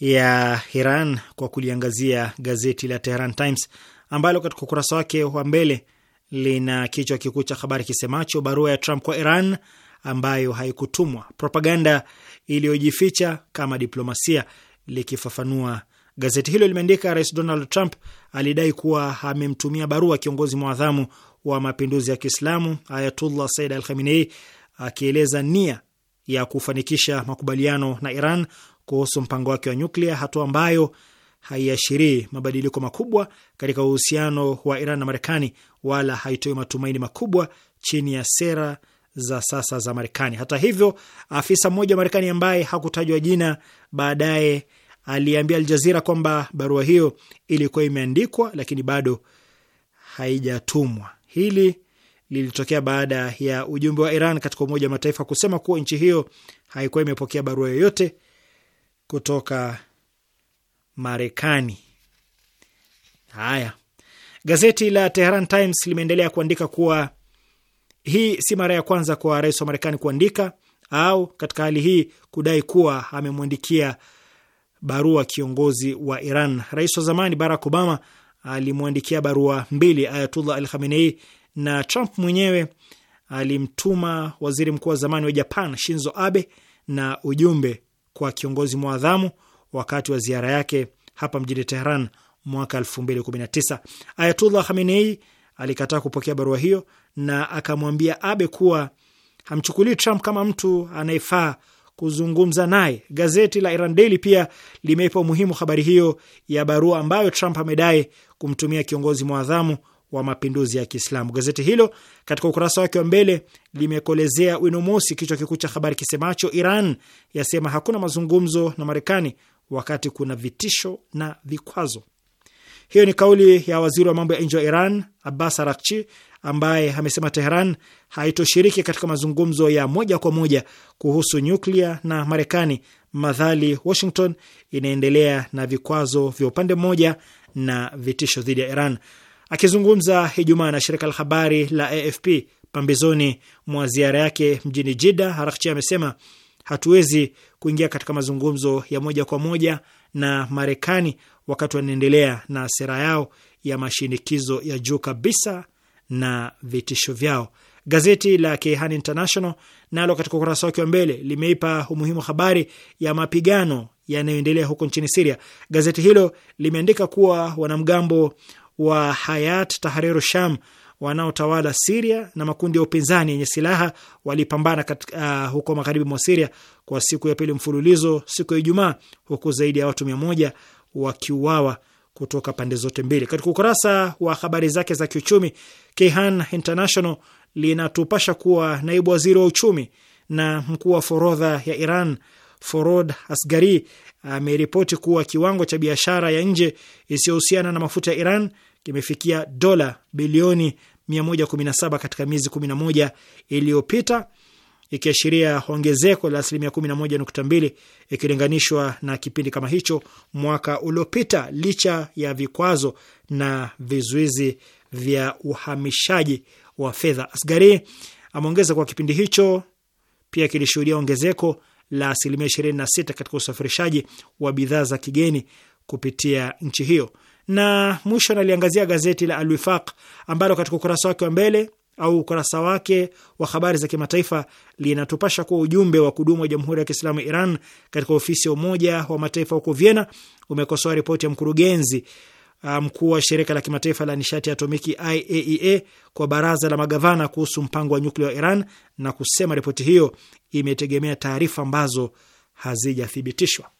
ya Iran kwa kuliangazia gazeti la Tehran Times ambalo katika ukurasa wake wa mbele lina kichwa kikuu cha habari kisemacho barua ya Trump kwa Iran ambayo haikutumwa, propaganda iliyojificha kama diplomasia. Likifafanua, gazeti hilo limeandika, Rais Donald Trump alidai kuwa amemtumia barua kiongozi mwadhamu wa mapinduzi ya Kiislamu Ayatullah Said Al Khamenei akieleza nia ya kufanikisha makubaliano na Iran kuhusu mpango wake wa nyuklia, hatua ambayo haiashirii mabadiliko makubwa katika uhusiano wa Iran na Marekani wala haitoi matumaini makubwa chini ya sera za sasa za Marekani. Hata hivyo, afisa mmoja wa Marekani ambaye hakutajwa jina baadaye aliambia Al Jazeera kwamba barua hiyo ilikuwa imeandikwa lakini bado haijatumwa. Hili lilitokea baada ya ujumbe wa Iran katika Umoja wa Mataifa kusema kuwa nchi hiyo haikuwa imepokea barua yoyote kutoka Marekani. Haya, gazeti la Tehran Times limeendelea kuandika kuwa hii si mara ya kwanza kwa rais wa Marekani kuandika au katika hali hii kudai kuwa amemwandikia barua kiongozi wa Iran. Rais wa zamani Barack Obama alimwandikia barua mbili Ayatullah Al Khamenei na Trump mwenyewe alimtuma waziri mkuu wa zamani wa Japan Shinzo Abe na ujumbe kwa kiongozi mwadhamu wakati wa ziara yake hapa mjini Tehran mwaka 2019. Ayatullah Khamenei alikataa kupokea barua hiyo na akamwambia Abe kuwa hamchukulii Trump kama mtu anayefaa kuzungumza naye. Gazeti la Iran Daily pia limeipa umuhimu habari hiyo ya barua ambayo Trump amedai kumtumia kiongozi mwadhamu wa mapinduzi ya Kiislamu. Gazeti hilo katika ukurasa wake wa mbele limekolezea wino mosi kichwa kikuu cha habari kisemacho Iran yasema hakuna mazungumzo na Marekani wakati kuna vitisho na vikwazo. Hiyo ni kauli ya waziri wa mambo ya nje wa Iran Abbas Arakchi, ambaye amesema Teheran haitoshiriki katika mazungumzo ya moja kwa moja kuhusu nyuklia na Marekani madhali Washington inaendelea na vikwazo vya upande mmoja na vitisho dhidi ya Iran. Akizungumza Ijumaa na shirika la habari la AFP pambezoni mwa ziara yake mjini Jida, Harakchi amesema hatuwezi kuingia katika mazungumzo ya moja kwa moja na Marekani wakati wanaendelea na sera yao ya mashinikizo ya juu kabisa na vitisho vyao. Gazeti la Kehan International nalo katika ukurasa wake wa mbele limeipa umuhimu habari ya mapigano yanayoendelea huko nchini Siria. Gazeti hilo limeandika kuwa wanamgambo wa Hayat tahariru Sham wanaotawala Siria na makundi ya upinzani yenye silaha walipambana katika, uh, huko magharibi mwa Siria kwa siku ya pili mfululizo siku ya Ijumaa, huku zaidi ya watu mia moja wakiuawa kutoka pande zote mbili. Katika ukurasa wa habari zake za kiuchumi, Kehan International linatupasha kuwa naibu waziri wa uchumi na mkuu wa forodha ya Iran Forod Asgari ameripoti kuwa kiwango cha biashara ya nje isiyohusiana na mafuta ya Iran kimefikia dola bilioni 117 katika miezi 11 iliyopita, ikiashiria ongezeko la asilimia 11.2 ikilinganishwa na kipindi kama hicho mwaka uliopita, licha ya vikwazo na vizuizi vya uhamishaji wa fedha. Asgari ameongeza kwa kipindi hicho pia kilishuhudia ongezeko la asilimia sita katika usafirishaji wa bidhaa za kigeni kupitia nchi hiyo. Na mwisho naliangazia gazeti la Alwifaq ambalo katika ukurasa wake wa mbele au ukurasa wake wa habari za kimataifa linatupasha kuwa ujumbe wa kudumu wa Jamhuri ya Kiislamu Iran katika ofisi ya Umoja wa Mataifa huko Vienna umekosoa ripoti ya mkurugenzi Uh, mkuu wa shirika la kimataifa la nishati ya atomiki IAEA e kwa baraza la magavana kuhusu mpango wa nyuklia wa Iran na kusema ripoti hiyo imetegemea taarifa ambazo hazijathibitishwa.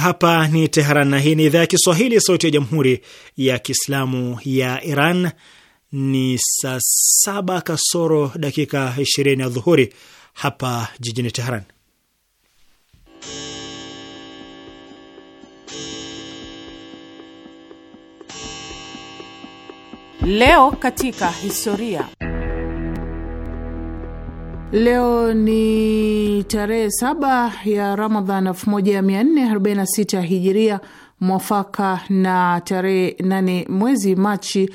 Hapa ni Teheran na hii ni idhaa ya Kiswahili, sauti ya jamhuri ya kiislamu ya Iran. Ni saa saba kasoro dakika ishirini ya dhuhuri hapa jijini Teheran. Leo katika historia Leo ni tarehe saba ya Ramadhan 1446 hijiria mwafaka na tarehe nane mwezi Machi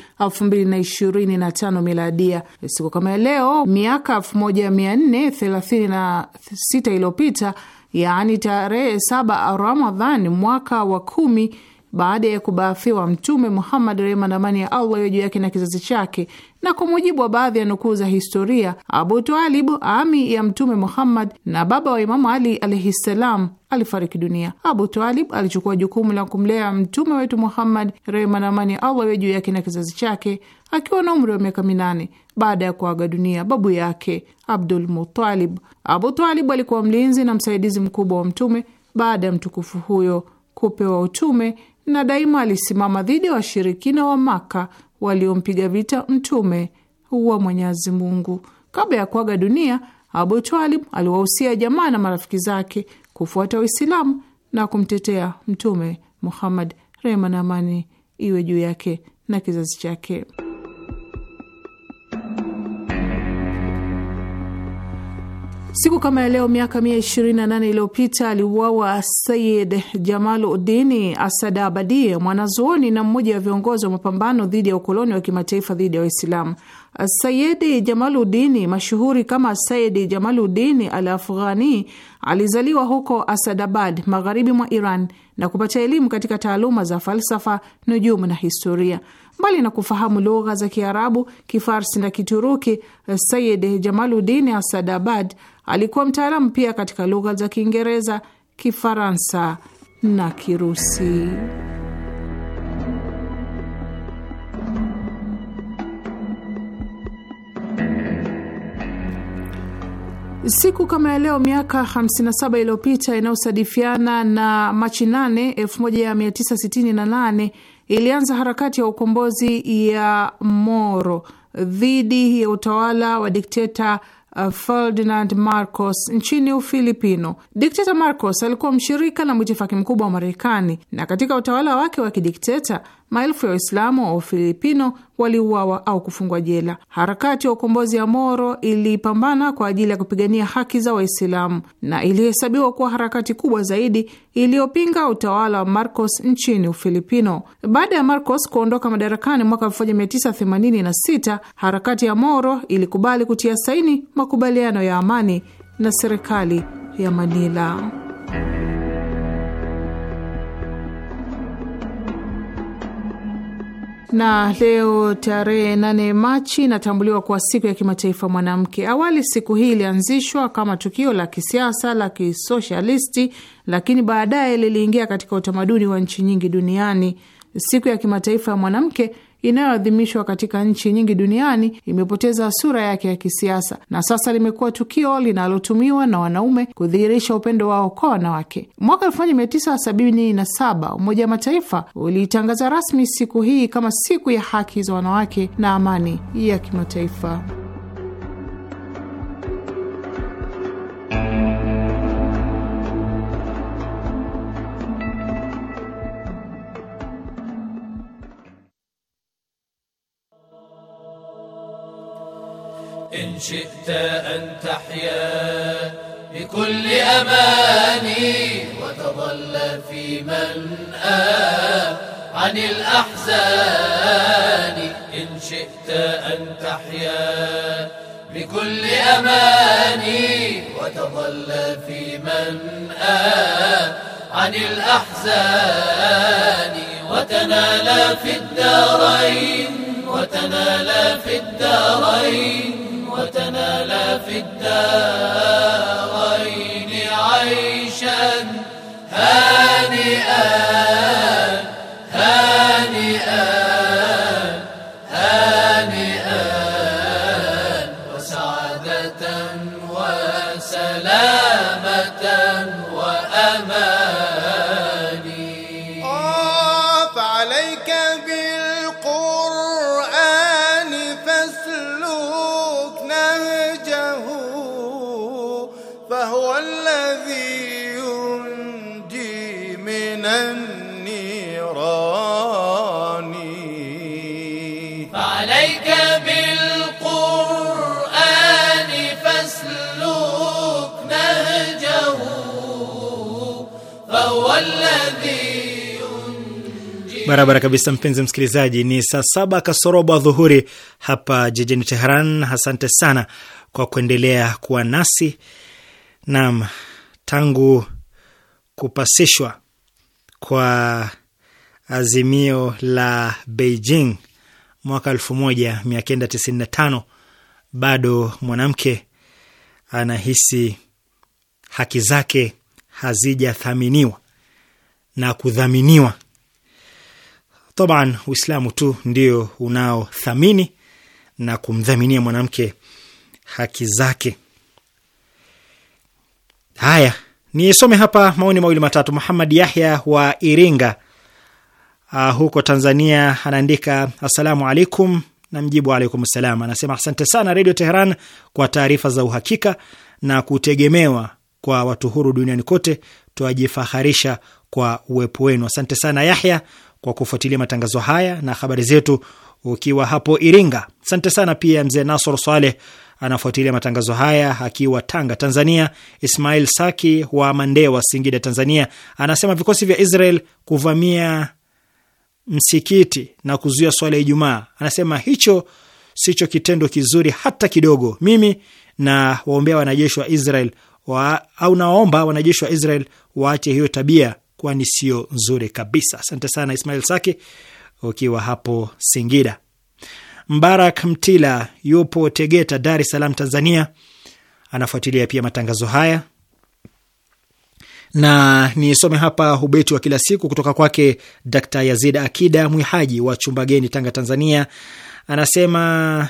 tano miladia. Siku kama ya leo miaka 1436 iliyopita, yaani tarehe saba Ramadhan mwaka wa kumi baada ya kubaafiwa Mtume Muhammad, rehma na amani ya Allah iwe juu yake na kizazi chake. Na kwa mujibu wa baadhi ya nukuu za historia, Abu Talib, ami ya Mtume Muhammad na baba wa Imamu Ali alaihi ssalam, alifariki dunia. Abu Talib alichukua jukumu la kumlea Mtume wetu Muhammad, rehma na amani ya Allah iwe juu yake na kizazi chake, akiwa na umri wa miaka minane baada ya kuaga dunia babu yake Abdul Mutalib. Abu Talib alikuwa mlinzi na msaidizi mkubwa wa Mtume baada ya mtukufu huyo kupewa utume na daima alisimama dhidi ya wa washirikina wa Maka waliompiga vita mtume wa Mwenyezi Mungu. Kabla ya kuaga dunia, Abu Twalib aliwahusia jamaa na marafiki zake kufuata Uislamu na kumtetea Mtume Muhammad, rehma na amani iwe juu yake na kizazi chake. Siku kama ya leo miaka 128 iliyopita aliuawa Sayid Jamaludini Asadabadi, mwanazuoni na mmoja wa viongozi wa mapambano dhidi ya ukoloni wa kimataifa dhidi ya Waislamu. Sayidi Jamaludini, mashuhuri kama Sayidi Jamaludini al Afghani, alizaliwa huko Asadabad, magharibi mwa Iran, na kupata elimu katika taaluma za falsafa, nujumu na historia. Mbali na kufahamu lugha za Kiarabu, Kifarsi na Kituruki, Sayid Jamaludini Asadabad Alikuwa mtaalamu pia katika lugha za Kiingereza, Kifaransa na Kirusi. Siku kama ya leo miaka 57 iliyopita inayosadifiana na Machi 8, 1968 ilianza harakati ya ukombozi ya Moro dhidi ya utawala wa dikteta Uh, Ferdinand Marcos nchini Ufilipino. Dikteta Marcos alikuwa mshirika na mwitifaki mkubwa wa Marekani, na katika utawala wake wa kidikteta maelfu ya Waislamu wa Ufilipino waliuawa au kufungwa jela. Harakati ya ukombozi ya Moro ilipambana kwa ajili ya kupigania haki za Waislamu na ilihesabiwa kuwa harakati kubwa zaidi iliyopinga utawala wa Marcos nchini Ufilipino. Baada ya Marcos kuondoka madarakani mwaka 1986, harakati ya Moro ilikubali kutia saini makubaliano ya amani na serikali ya Manila. na leo tarehe 8 Machi inatambuliwa kuwa siku ya kimataifa mwanamke. Awali siku hii ilianzishwa kama tukio la kisiasa la kisoshalisti, lakini baadaye liliingia katika utamaduni wa nchi nyingi duniani. Siku ya kimataifa ya mwanamke inayoadhimishwa katika nchi nyingi duniani imepoteza sura yake ya kisiasa na sasa limekuwa tukio linalotumiwa na wanaume kudhihirisha upendo wao kwa wanawake. Mwaka 1977 Umoja wa Mataifa uliitangaza rasmi siku hii kama siku ya haki za wanawake na amani ya kimataifa. إن شئت أن تحيا بكل أماني وتظل في من آه عن الأحزان إن شئت أن تحيا بكل أماني وتظل في من آه عن الأحزان وتنال في الدارين وتنال في الدارين تنال في الدارين عيشا هانئا النيران فعليك بالقرآن فاسلك نهجه فهو الذي Barabara kabisa, mpenzi msikilizaji, ni saa saba kasoroba dhuhuri hapa jijini Teheran. Asante sana kwa kuendelea kuwa nasi nam tangu kupasishwa kwa azimio la Beijing mwaka tano bado mwanamke anahisi haki zake hazijathaminiwa na kudhaminiwa. Taban, Uislamu tu ndio unaothamini na kumdhaminia mwanamke haki zake. Haya Nisome hapa maoni mawili matatu. Muhammad Yahya wa Iringa uh, huko Tanzania anaandika assalamu alaikum, na mjibu alaikum salam. Anasema asante sana Redio Teheran kwa taarifa za uhakika na kutegemewa kwa watu huru duniani kote. Twajifaharisha kwa uwepo wenu. Asante sana Yahya kwa kufuatilia matangazo haya na habari zetu ukiwa hapo Iringa. Asante sana pia mzee Nasor Saleh anafuatilia matangazo haya akiwa Tanga, Tanzania. Ismail Saki wa Mandewa, Singida, Tanzania, anasema vikosi vya Israel kuvamia msikiti na kuzuia swala ya Ijumaa, anasema hicho sicho kitendo kizuri hata kidogo. Mimi na waombea wanajeshi wa Israel wa, au nawaomba wanajeshi wa Israel waache hiyo tabia, kwani sio nzuri kabisa. Asante sana Ismail Saki ukiwa hapo Singida. Mbarak Mtila yupo Tegeta, Dar es Salaam, Tanzania, anafuatilia pia matangazo haya na nisome hapa ubeti wa kila siku kutoka kwake Dkt Yazid Akida Mwihaji wa Chumbageni, Tanga, Tanzania. Anasema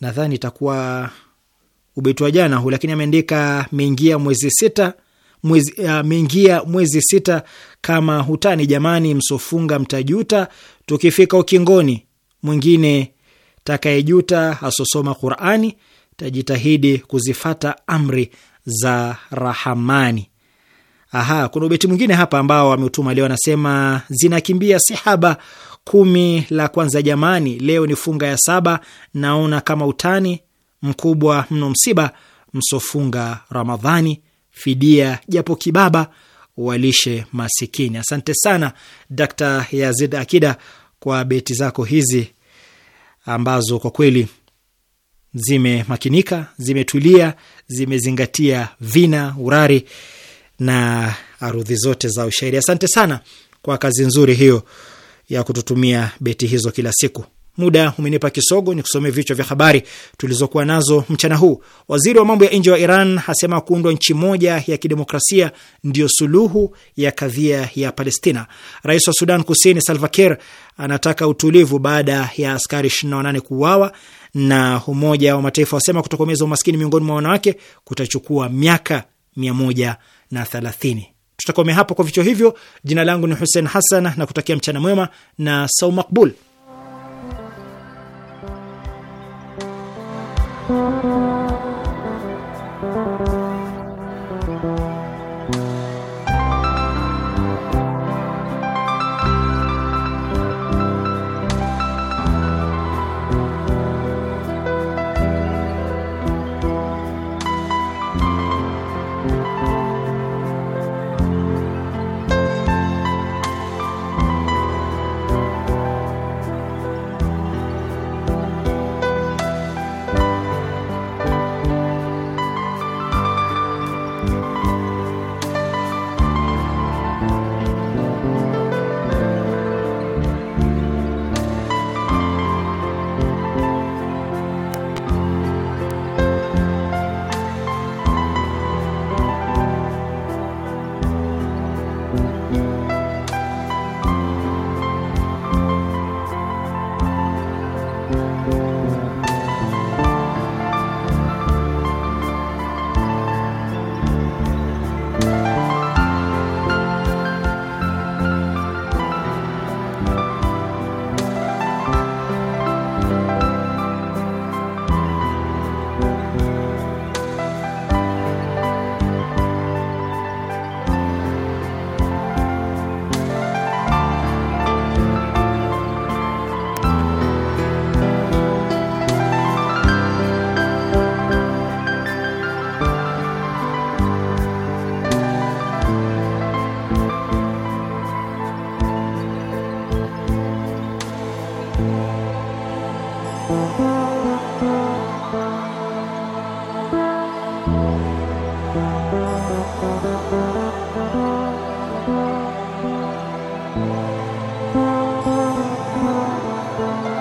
nadhani itakuwa ubeti wa jana huu, lakini ameandika meingia mwezi sita mwezi, uh, meingia mwezi sita kama hutani jamani, msofunga mtajuta, tukifika ukingoni mwingine takayejuta asosoma Qurani, tajitahidi kuzifata amri za Rahamani. Aha, kuna ubeti mwingine hapa ambao ameutuma leo, anasema zinakimbia sihaba kumi la kwanza, jamani, leo ni funga ya saba, naona kama utani mkubwa mno, msiba msofunga Ramadhani, fidia japo kibaba walishe masikini. Asante sana Dkt Yazid Akida kwa beti zako hizi ambazo kwa kweli zimemakinika, zimetulia, zimezingatia vina, urari na arudhi zote za ushairi. Asante sana kwa kazi nzuri hiyo ya kututumia beti hizo kila siku. Muda umenipa kisogo, ni kusomea vichwa vya habari tulizokuwa nazo mchana huu. Waziri wa mambo ya nje wa Iran asema kuundwa nchi moja ya kidemokrasia ndio suluhu ya kadhia ya Palestina. Rais wa Sudan Kusini Salva Kiir anataka utulivu baada ya askari 28 kuuawa, na Umoja wa Mataifa wasema kutokomeza umaskini miongoni mwa wanawake kutachukua miaka 130. Tutakomea hapo kwa vichwa hivyo. Jina langu ni Hussein Hassan na kutakia mchana mwema na sau makbul. Thank you.